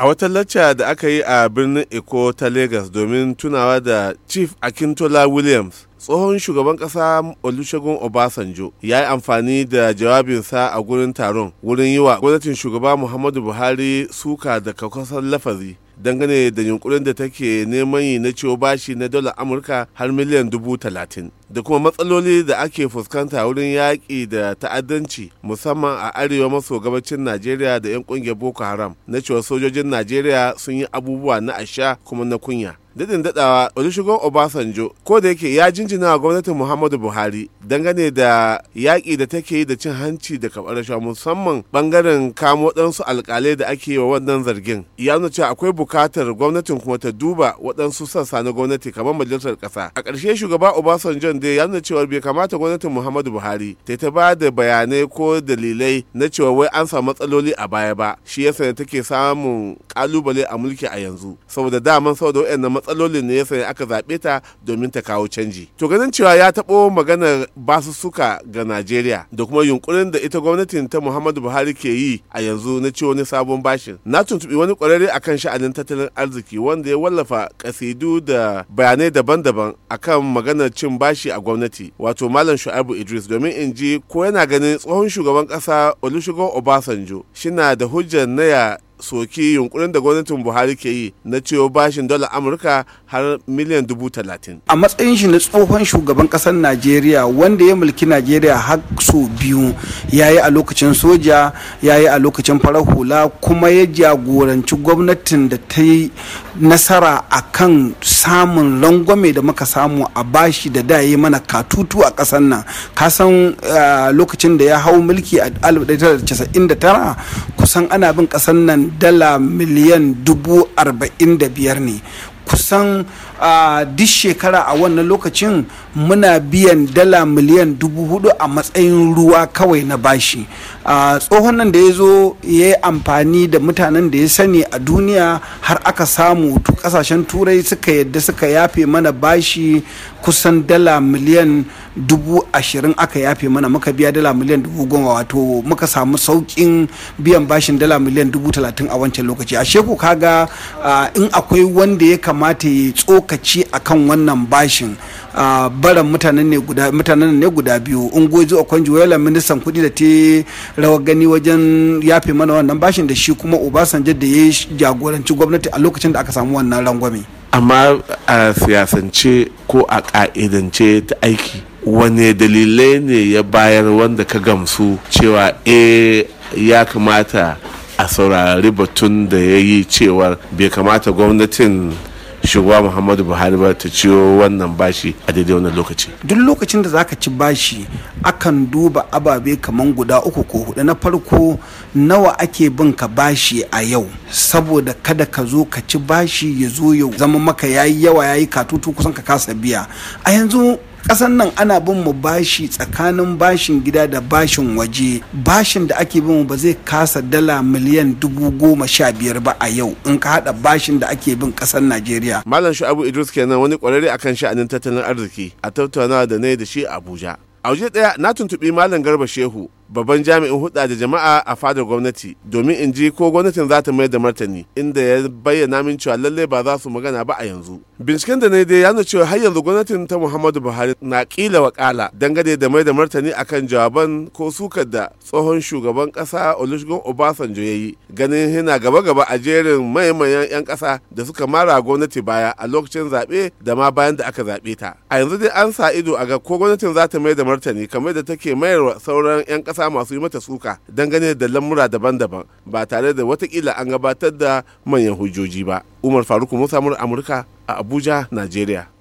a wata lacca da aka yi a birnin Eko ta Lagos domin tunawa da Chief Akintola Williams tsohon shugaban kasa olusegun obasanjo ya yi amfani da jawabinsa a gurin taron wurin yi wa gwamnatin shugaba muhammadu buhari suka da kakwasan lafazi dangane da yunkurin da take neman yi na ciwo bashi na dola amurka har miliyan dubu talatin da kuma matsaloli da ake fuskanta wurin yaƙi da ta'addanci musamman a arewa maso gabacin najeriya da 'yan ƙungiyar boko haram na cewa sojojin najeriya sun yi abubuwa na asha kuma na kunya dadin dadawa olusegun obasanjo ko da yake ya jinjina wa gwamnatin muhammadu buhari dangane da yaƙi da take yi da cin hanci da kaɓar rashawa musamman bangaren kamo ɗansu alkalai da ake yi wa wannan zargin ya nuna cewa akwai bukatar gwamnatin kuma ta duba waɗansu sassa na gwamnati kamar majalisar ƙasa a ƙarshe shugaba obasanjo da ya nuna cewa bai kamata gwamnatin muhammadu buhari ta ta ba da bayanai ko dalilai na cewa wai an samu matsaloli a baya ba shi yasa take samun ƙalubale a mulki a yanzu saboda daman saboda waɗannan matsalolin ne ya sani aka zaɓe ta domin ta kawo canji to ganin cewa ya taɓo maganar basussuka ga najeriya da kuma yunkurin da ita gwamnatin ta muhammadu buhari ke yi a yanzu na ci wani sabon bashin na tuntuɓi wani ƙwararre akan sha'anin tattalin arziki wanda ya wallafa ƙasidu da bayanai daban-daban akan maganar cin bashi a gwamnati wato malam shu'abu idris domin in ji ko yana ganin tsohon shugaban ƙasa olusegun obasanjo shina da hujjar naya soki yunkurin da gwamnatin buhari ke yi na cewa bashin dala amurka har miliyan dubu talatin a matsayin shi na tsohon shugaban kasar najeriya wanda ya mulki najeriya har so biyu ya yi a lokacin soja ya yi a lokacin farar hula kuma ya jagoranci gwamnatin da ta yi nasara a kan samun rangwame da muka samu a bashi da da ya mana katutu a kasar nan kasan eh, lokacin da ya hau mulki a 1999 kusan ana bin kasan nan dala miliyan dubu arba'in da biyar ne kusan duk shekara a wannan lokacin muna biyan dala miliyan dubu hudu a matsayin ruwa kawai na bashi tsohon nan da ya zo ya yi amfani da mutanen da ya sani a duniya har aka samu kasashen turai suka yadda suka yafe mana bashi kusan dala miliyan dubu ashirin aka yafe mana muka biya dala miliyan dubu goma wato muka samu saukin biyan bashin dala miliyan dubu talatin a wancan lokaci a sheku kaga in akwai wanda ya kama kamata ya tsokaci a kan wannan bashin baran mutanen ne guda biyu biyu ungoji wayala ministan kudi da ta rawa gani wajen yafe mana wannan bashin da shi kuma obasanjo da ya jagoranci gwamnati a lokacin da aka samu wannan rangwame amma a siyasance ko a ka'idance ta aiki wane dalilai ne ya bayar wanda ka gamsu cewa e ya kamata a saurari batun da ya yi cewar bai kamata gwamnatin shugaba muhammadu buhari ba ta ciyo wannan bashi a daidai wannan lokaci duk lokacin da za ka ci bashi akan duba ababe kaman guda uku ko hudu na farko nawa ake bin ka bashi a yau saboda kada ka zo ka ci bashi ya zo yau, zama maka yayi yawa yayi katutu kusan ka kasa biya a yanzu ƙasan nan ana bin mu bashi tsakanin bashin gida da bashin waje bashin da ake bin mu ba zai kasa dala miliyan dubu goma sha biyar ba a yau in ka haɗa bashin da ake bin ƙasar najeriya malam shu'abu idris kenan wani ƙwararre akan sha'anin tattalin arziki a tattaunawa da na da shi abuja a waje ɗaya na tuntuɓi malam garba shehu babban jami'in hudda da jama'a a fadar gwamnati domin in ji ko gwamnatin za ta mai da martani inda ya bayyana min cewa lallai ba za su magana ba a yanzu binciken da na dai ya nuna cewa har yanzu gwamnatin ta muhammadu buhari na kila wakala dangane da mai da martani akan jawaban ko sukar da tsohon shugaban kasa olusegun obasanjo ya yi ganin yana gaba-gaba a jerin mayan 'yan kasa da suka mara gwamnati baya a lokacin zaɓe da ma bayan da aka zaɓe ta a yanzu dai an sa ido a ga ko gwamnatin za ta mai da martani kamar da take mayarwa sauran 'yan kasa ƙasa masu yi mata suka dangane da lamura daban-daban ba tare da watakila an gabatar da manyan hujjoji ba umar faruk musa amurka a abuja nigeria.